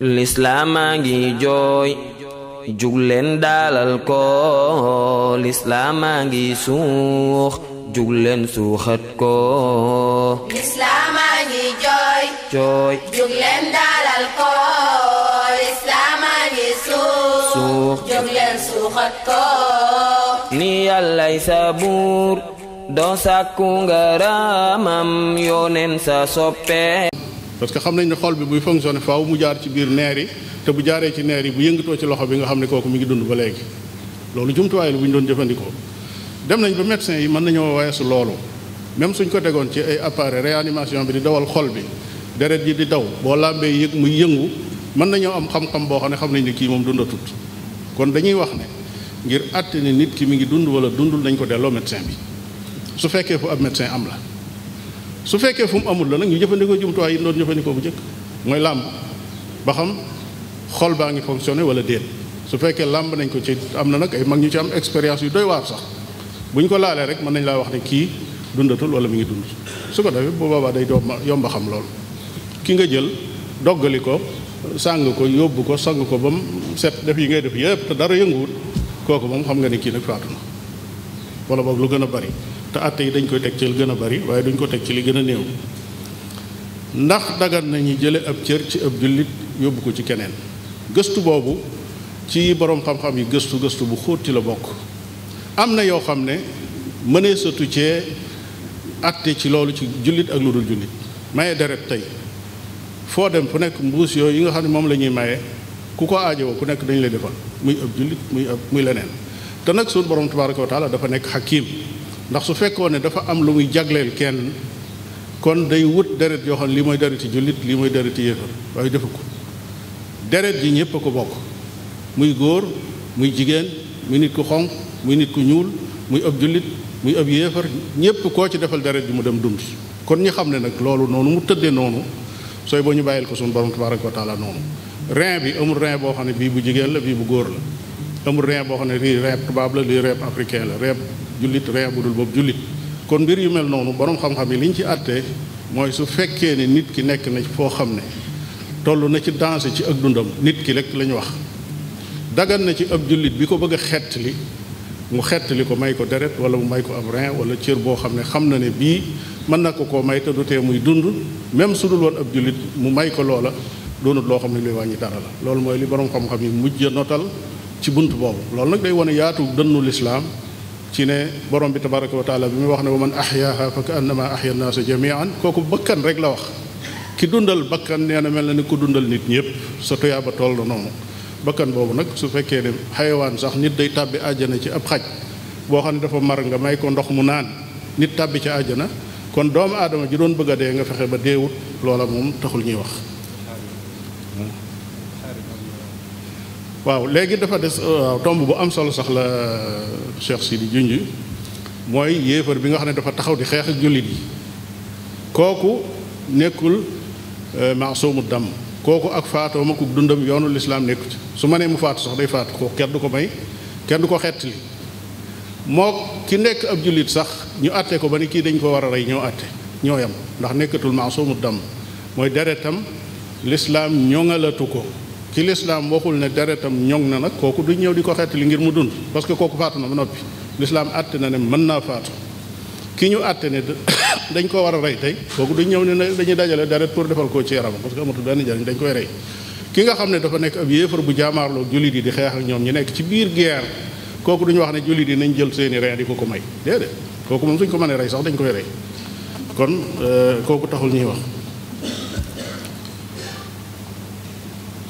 lislaamaa ngi jooy jugleen daalal ko lislaamaa ngi suux jugleen suuxat ko lislaamaa ngi jooy ni yàllay sabuur doo sàkku ngaramam yooneen sa soppe parce que xam nañ ne xol bi buy fonctionner faaw mu jaar ci biir neer yi te bu jaaree ci neer yi bu yëngatoo ci loxo bi nga xam ne kooku mi ngi dund ba léegi loolu jumtuwaay la bu ñu doon jëfandikoo dem nañ ba médecin yi mën nañoo weesu loolu même suñ ko degoon ci ay appareil réanimation bi di dawal xol bi deret yi di daw boo làmbee yëg muy yëngu mën nañoo am xam-xam boo xam ne xam nañ ne kii moom dundatut kon dañuy wax ne ngir àtte ne nit ki mi ngi dund wala dundul nañ ko delloo médecin bi su fekkee fu ab médecin am la su fekkee fu mu amul la nag ñu jëfandikoo jumtuwaay yi doon jëfandikoo bu njëkk mooy làmb ba xam xol baa ngi fonctionné wala déet su fekkee làmb nañ ko ci am na nag ay mag ñu ci am expérience yu doy waar sax bu ñu ko laalee rek mën nañ laa wax ne kii dundatul wala mi ngi dund su ko defee bu boobaa day doom yomba xam lool ki nga jël doggali ko sàng ko yóbbu ko sang ko ba mu set def yi ngay def yëpp dara yënguwul kooku moom xam nga ne kii nag faatu na wala boog lu gën a bari te àtte yi dañ koy teg ci li gën a bari waaye duñ ko teg ci li gën a néew ndax dagan nañu jële ab cër ci ab jullit yóbbu ko ci keneen gëstu boobu ci borom xam-xam yi gëstu gëstu bu xóot ci la bokk am na yoo xam ne mënee satu cee àtte ci loolu ci jullit ak lu dul jullit maye deret tey foo dem fu nekk mbuus yooyu yi nga xam ne moom la ñuy maye ku ko aajowoo ku nekk dañ lay defal muy ab jullit muy ab muy leneen te nag suñu borom tabaraka wa taala dafa nekk xakiim ndax su fekkoon ne dafa am lu muy jagleel kenn kon day wut deret yoo xam ne lii mooy dereti jullit lii mooy dereti yéefar waaye defu ko deret ji ñëpp a ko bokk muy góor muy jigéen muy nit ku xonq muy nit ku ñuul muy ab jullit muy ab yéefar ñëpp koo ci defal deret ji mu dem dund kon ñi xam ne nag loolu noonu mu tëddee noonu sooy boo ñu bàyyil ko suñu borom tabaraka wa taala noonu rein bi amul rein boo xam ne bii bu jigéen la bii bu góor la amul rein boo xam ne lii rein tubaab la lii rein la rein jullit reya bu dul boobu jullit kon mbir yu mel noonu borom xam-xam yi li ñu ci àttee mooy su fekkee ne nit ki nekk na foo xam ne toll na ci danger ci ak dundam nit ki rek la wax dagan na ci ab jullit bi ko bëgg a xett li mu xett li ko may ko deret wala mu may ko ab rein wala cër boo xam ne xam na ne bii mën na ko koo may te tee muy dund même su dul woon ab jullit mu may ko loola doonut loo xam ne luy wàññi dara la loolu mooy li borom xam-xam yi mujj notal ci bunt boobu loolu nag day wane yaatu ci ne borom bi tabaraka wa taala bi muy wax ne wa man axyaaha fa ka annama axya naasa an kooku bakkan rek la wax ki dundal bakkan nee na mel na ni ku dundal nit ñëpp sa tuyaaba tool na noonu bakkan boobu nag su fekkee ne xayawaan sax nit day tàbbi àjjana ci ab xaj boo xam ne dafa mar nga may ko ndox mu naan nit tàbbi ci àjjana kon doomu aadama ji doon bëgg a dee nga fexe ba deewut loola moom taxul ñuy wax waaw léegi dafa des euh, waaw tomb bu am solo sax la euh, Cheikh Sidi junj mooy yéefar bi nga xam ne dafa taxaw di xeex ak jullit yi kooku nekkul euh, maasumu dam kooku ak faatoo ma ku dundam yoonu lislaam nekku ci su ma nee mu faatu sax day faatu kooku kenn du ko may kenn du ko xettali moo ki nekk ab jullit sax ñu àtte ko ba ni kii dañ koo war a rey ñoo àtte ñoo yem ndax nekkatul maasumu dam mooy deretam lislaam ñoŋalatu ko ki lislaam waxul ne deretam ñoŋ na nag kooku du ñëw di ko xeetali ngir mu dund parce que kooku faatu na ba noppi lislaam àtte na ne mën naa faatu ki ñu àtte ne dañ ko war a rey tey kooku du ñëw ne dañuy dajale deret pour defal koo ci yaram parce que amatul benn njariñ dañ koy rey ki nga xam ne dafa nekk ab yéefar bu jaamaarloo jullit yi di xeex ak ñoom ñu nekk ci biir guerre kooku duñu wax ne jullit yi nañ jël seeni rey di ko ko may déedéet kooku moom suñ ko mënee rey sax dañ koy rey kon euh, kooku taxul ñuy wax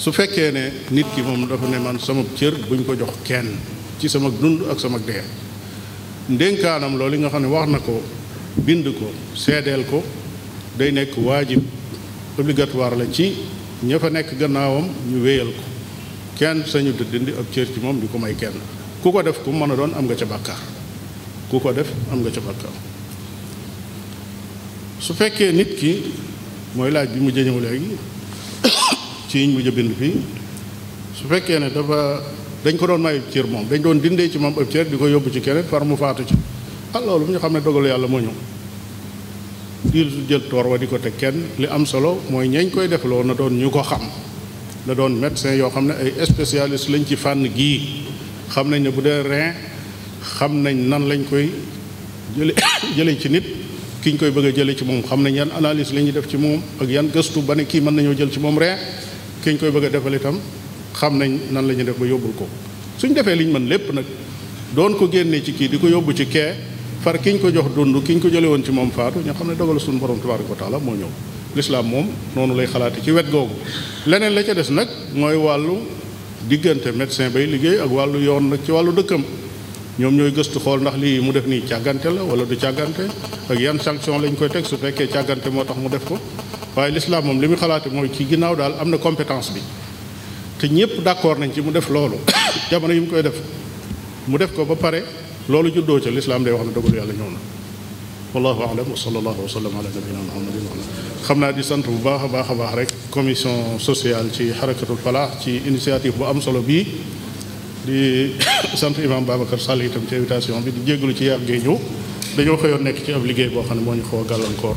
su fekkee ne nit ki moom dafa ne man sama cër buñ ko jox kenn ci sama dund ak sama dee ndénkaanam loolu nga xam ne wax na ko bind ko seedeel ko day nekk waajib obligatoire la ci ña fa nekk gannaawam ñu wéyal ko kenn sañu dindi ak cër ci moom di ko may kenn ku ko def ko mën a doon am nga ca bàkkaar ku ko def am nga ca bàkkaar su fekkee nit ki mooy laaj bi mu jëñëw léegi ci yiñ mujj bind fii su fekkee ne dafa dañ ko doon mayu cër moom dañ doon dindee ci moom ab cër di ko yóbbu ci keneen far mu faatu ci ah loolu bu ñu xam ne dogalu yàlla moo ñëw diil jël toor wa di ko teg kenn li am solo mooy ñañ koy def loo na doon ñu ko xam na doon médecin yoo xam ne ay spécialiste lañ ci fànn gii xam nañ ne bu dee rein xam nañ nan lañ koy jële jële ci nit ki ñu koy bëgg a jële ci moom xam nañ yan analyse la ñuy def ci moom ak yan ba ne kii mën nañoo jël ci moom rein ki ñu koy bëgg a defal itam xam nañ nan la ñuy def ba yóbbul ko suñ defee liñ man lépp nag doon ko génnee ci kii di ko yóbbu ci kee far ki ñu ko jox dund ki ñu ko jële woon ci moom faatu ñoo xam ne dogalu suñu borom tabaaraka wa taala moo ñëw lislaam moom noonu lay xalaati ci wet googu leneen la ca des nag mooy wàllu diggante médecin bay liggéey ak wàllu yoon nag ci wàllu dëkkam ñoom ñooy gëstu xool ndax lii mu def nii càggante la wala du càggante ak yan sanction lañ koy teg su fekkee càggante moo tax mu def ko waaye lislaam moom li muy xalaate mooy ci ginnaaw daal am na compétence bi te ñëpp d'accord nañ ci mu def loolu jamono yi mu koy def mu def ko ba pare loolu juddoo ca lislaam day wax na dogalu yàlla ñëw na wallahu alam wa sallallahu wa sallam ala nabina muhammadin xam naa di sant bu baax a baax a baax rek commission sociale ci xarakatul falaax ci initiative bu am solo bii di sant imam Babacar Sall itam ci invitation bi di jégalu ci yàggee ñëw dañoo xëyoon nekk ci ab liggéey boo xam ne moo ñu xaw gàllankoor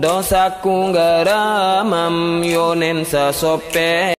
doo sàkku ngaramam yonen sa soppe